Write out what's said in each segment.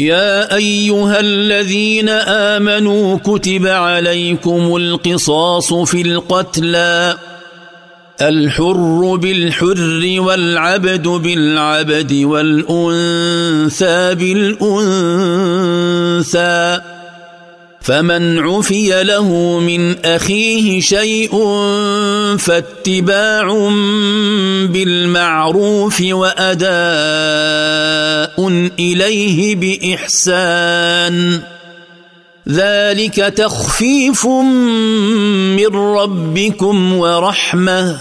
يا ايها الذين امنوا كتب عليكم القصاص في القتلى الحر بالحر والعبد بالعبد والانثى بالانثى فمن عفي له من اخيه شيء فاتباع بالمعروف واداء اليه باحسان ذلك تخفيف من ربكم ورحمه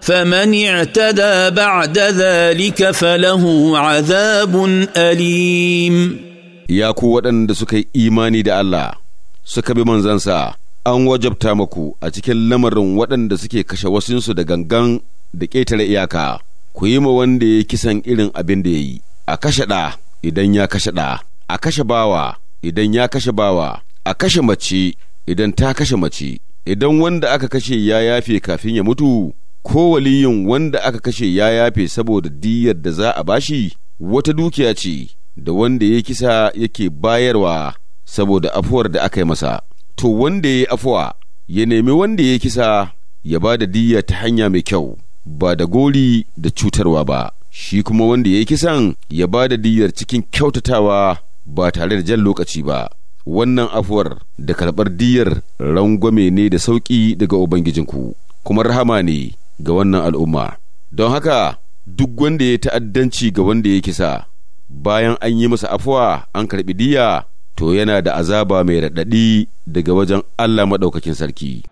فمن اعتدى بعد ذلك فله عذاب اليم ya ku waɗanda suka yi imani da Allah suka bi manzansa an wajabta muku a cikin lamarin waɗanda suke kashe wasunsu da gangan da ƙetare iyaka ku yi ma wanda ya kisan irin abin da ya yi a kashe ɗa idan ya kashe ɗa a kashe bawa idan ya kashe bawa a kashe mace idan ta kashe mace idan wanda aka kashe ya yafe kafin ya mutu ko waliyin wanda aka kashe ya yafe saboda diyar da za a bashi wata dukiya ce da wanda ya kisa yake bayarwa saboda afuwar da aka yi masa to wanda ya yi afuwa ya nemi wanda ya kisa ya ba da diyya ta hanya mai kyau ba da gori da cutarwa ba shi kuma wanda ya yi kisan ya ba da diyar cikin kyautatawa ba tare da jan lokaci ba wannan afuwar da karɓar diyar rangwame ne da sauƙi daga ubangijinku kuma rahama ne ga wannan al'umma don haka duk wanda ya ta'addanci ga wanda ya kisa bayan an yi masa afuwa an karɓi diya to yana da azaba mai raɗaɗi daga wajen Allah maɗaukakin sarki.